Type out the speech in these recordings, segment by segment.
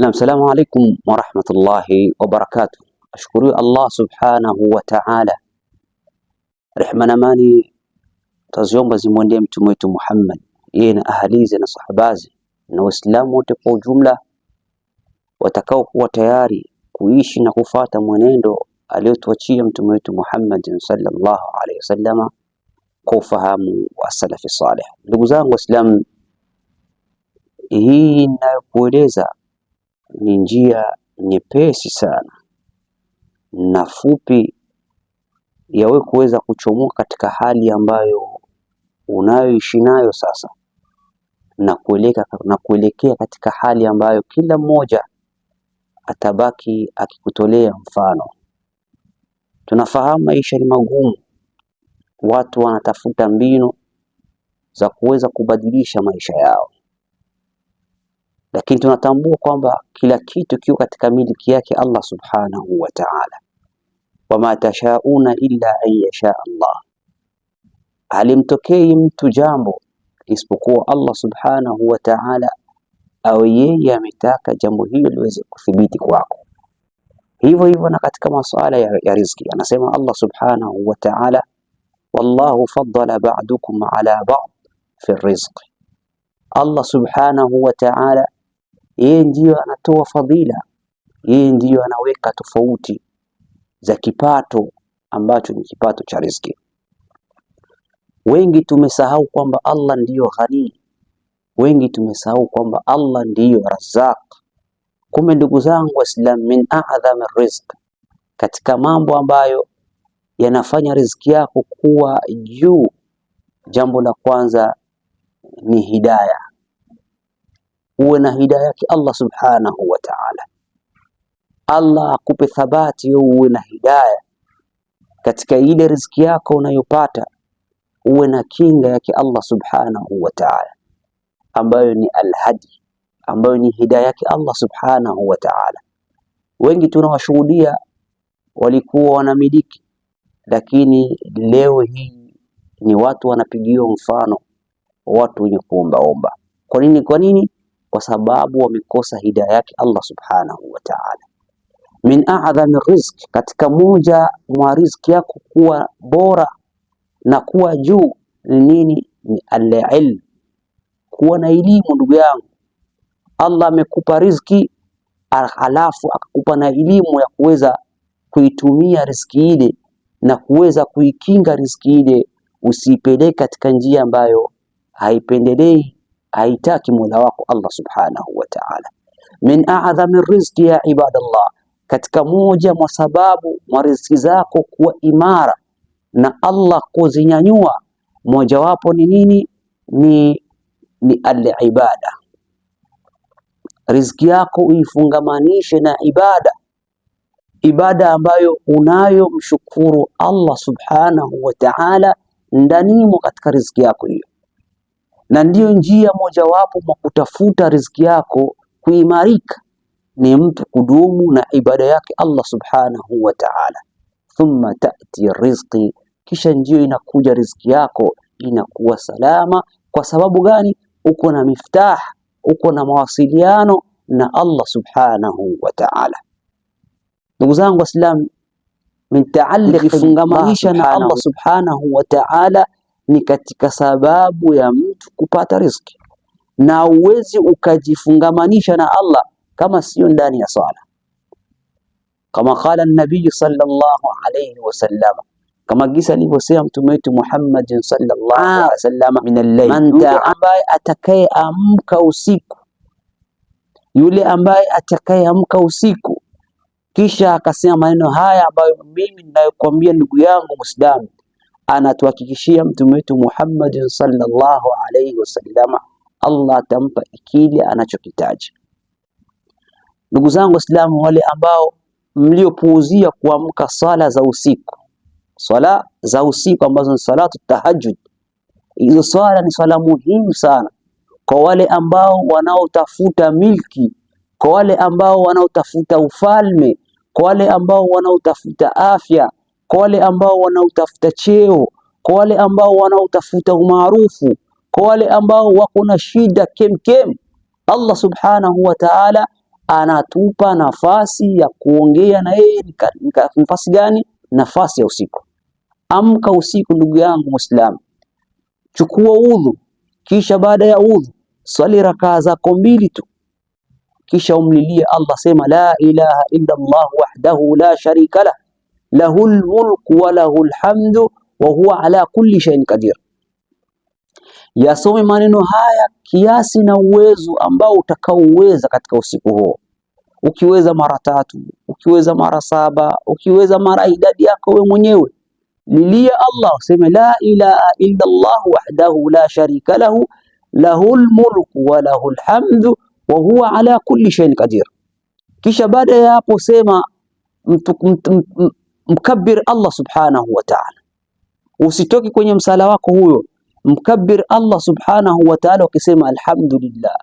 Naam, salamu alaikum warahmatullahi wabarakatuh. Ashukuriwe Allah subhanahu wa ta'ala, rehma na amani taziomba zimwendee mtume wetu Muhammad, yeye na ahalize na sahabazi na Waislamu wote kwa ujumla watakao kuwa tayari kuishi na kufata mwenendo aliyotuachia mtume wetu Muhammad sallallahu alaihi wasallam kwa ufahamu wa salafi saleh. Ndugu zangu Waislamu, hii inayokueleza ni njia nyepesi sana na fupi ya wewe kuweza kuchomoka katika hali ambayo unayoishi nayo sasa na kuelekea katika hali ambayo kila mmoja atabaki akikutolea mfano. Tunafahamu maisha ni magumu, watu wanatafuta mbinu za kuweza kubadilisha maisha yao lakini tunatambua kwamba kila kitu kiko katika miliki yake Allah subhanahu wa ta'ala. Wama tashauna illa an yasha Allah, halimtokei mtu jambo isipokuwa Allah subhanahu wa ta'ala awe yeye ametaka jambo hilo liweze kuthibiti kwako. Hivyo hivyo na katika masuala ya, ya riziki anasema Allah subhanahu wa ta'ala, wallahu faddala ba'dukum ala ba'd fi rizqi, Allah subhanahu wa ta'ala yeye ndiyo anatoa fadhila, yeye ndiyo anaweka tofauti za kipato ambacho ni kipato cha riziki. Wengi tumesahau kwamba Allah ndiyo ghani, wengi tumesahau kwamba Allah ndiyo Razzaq. Kumbe ndugu zangu Waislamu, min adham rizq, katika mambo ambayo yanafanya riziki yako kuwa juu, jambo la kwanza ni hidaya uwe na hidaya yake Allah subhanahu wa ta'ala. Allah akupe thabati wewe uwe na hidaya katika ile riziki yako unayopata, uwe na kinga yake Allah subhanahu wa ta'ala, ambayo ni alhadi, ambayo ni hidaya yake Allah subhanahu wa ta'ala. Wengi tunawashuhudia walikuwa wanamiliki, lakini leo hii ni watu wanapigiwa mfano, watu wenye kuombaomba. Kwa nini? Kwa nini? kwa sababu wamekosa hidaya yake Allah subhanahu wa ta'ala. Min a'dhami rizq, katika moja mwa riziki yako kuwa bora na kuwa juu ni nini? Ni al-ilm, kuwa na elimu. Ndugu yangu, Allah amekupa rizki alafu akakupa na elimu ya kuweza kuitumia riziki ile na kuweza kuikinga riziki ile, usiipeleke katika njia ambayo haipendelei haitaki Mola wako Allah subhanahu wa ta'ala. Min a'dhami rizqi ya ibadallah, katika moja mwa sababu mwa riziki zako kuwa imara na Allah kuzinyanyua, mojawapo ni nini? Ni, ni al Riziki yako uifungamanishe na ibada, ibada ambayo unayomshukuru Allah subhanahu wa ta'ala ndanimo katika riziki yako hiyo na ndiyo njia mojawapo mwa kutafuta riziki yako kuimarika ni mtu kudumu na ibada yake Allah subhanahu wa ta'ala. Thumma tati rizqi, kisha ndiyo inakuja riziki yako inakuwa salama. Kwa sababu gani? Uko na miftah, uko na mawasiliano na Allah subhanahu wa ta'ala. Ndugu zangu Waislamu, mitaalifungamanisha na Allah subhanahu wa ta'ala ni katika sababu ya kupata riziki na uwezi ukajifungamanisha na Allah kama sio ndani ya sala, kama qala nabii sallallahu alayhi wasallam, kama gisa alivyosema mtume wetu Muhammad sallallahu ah. alayhi wasallam, min al-layl, man ambaye amka usiku, yule ambaye atakayeamka usiku kisha akasema maneno haya ambayo mimi ninayokuambia ndugu yangu Muislamu anatuhakikishia mtume wetu Muhammad sallallahu alaihi wasallama, Allah atampa kile anachokitaja. Ndugu zangu Waislamu, wale ambao mliopuuzia kuamka sala za usiku, sala za usiku ambazo ni salatu tahajjud, hizo swala ni swala muhimu sana kwa wale ambao wanaotafuta milki, kwa wale ambao wanaotafuta ufalme, kwa wale ambao wanaotafuta afya kwa wale ambao wanaotafuta cheo, kwa wale ambao wanaotafuta umaarufu, kwa wale ambao wako na shida kemkem. Allah subhanahu wa ta'ala anatupa nafasi ya kuongea na yeye. Nafasi gani? Nafasi ya usiku. Amka usiku, ndugu yangu Muislamu, chukua udhu, kisha baada ya udhu swali rakaa zako mbili tu, kisha umlilie Allah, sema la ilaha illa Allah wahdahu la sharika lah lahul mulku wa lahul hamdu wa huwa ala kulli shay'in qadir. Yasome maneno haya kiasi na uwezo ambao utakaoweza katika usiku huo. Ukiweza mara tatu, ukiweza mara saba, ukiweza mara idadi yako wewe mwenyewe, lilia Allah, useme la ilaha illa Allah wahdahu la sharika lahu lahul mulku wa lahul hamdu wa huwa ala kulli shay'in qadir. Kisha baada ya hapo sema mkabir Allah subhanahu wa ta'ala. Usitoke kwenye msala wako huyo, mkabir Allah subhanahu wa ta'ala ukisema alhamdulillah,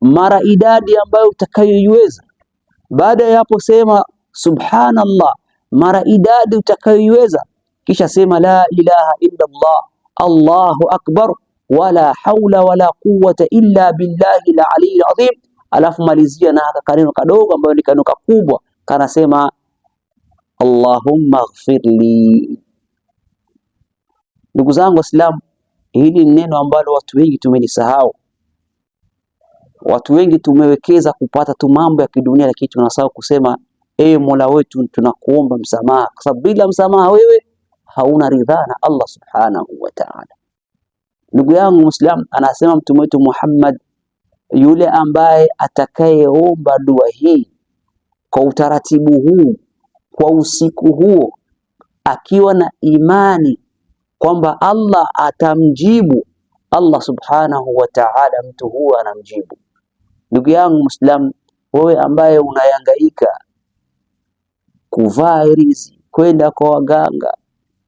mara idadi ambayo utakayoiweza. Baada ya hapo sema subhanallah mara idadi utakayoiweza, kisha sema la ilaha illa Allah, Allahu akbar wala haula wala quwwata illa billahi la aliyil azim. Alafu malizia na kakaneno kadogo ambayo ni kaneno kakubwa, kanasema Allahumma ghfirli Ndugu zangu Waislamu, hili ni neno ambalo watu wengi tumelisahau. Watu wengi tumewekeza kupata tu mambo ya kidunia, lakini tunasahau kusema ee Mola wetu, tunakuomba msamaha, kwa sababu bila msamaha wewe hauna ridhaa na Allah subhanahu wa ta'ala. Ndugu yangu Muislam, anasema mtume wetu Muhammad, yule ambaye atakayeomba dua hii kwa utaratibu huu kwa usiku huo akiwa na imani kwamba Allah atamjibu. Allah subhanahu wa ta'ala mtu huo anamjibu. Ndugu yangu Muislamu, wewe ambaye unayangaika kuvaa hirizi, kwenda kwa waganga,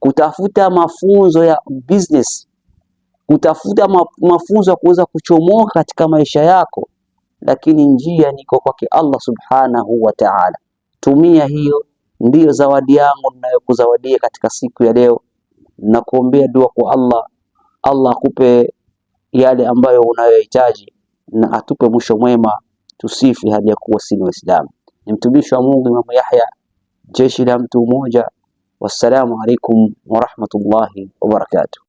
kutafuta mafunzo ya business, kutafuta mafunzo ya kuweza kuchomoka katika maisha yako, lakini njia niko kwake Allah subhanahu wa ta'ala. Tumia hiyo Ndiyo zawadi yangu ninayokuzawadia katika siku ya leo na kuombea dua kwa Allah, Allah akupe yale ambayo unayohitaji na atupe mwisho mwema, tusifi hali ya kuwa si Waislamu. Ni mtumishi wa Mungu Imamu Yahya, jeshi la mtu mmoja. Wassalamu alaikum warahmatullahi wabarakatuh.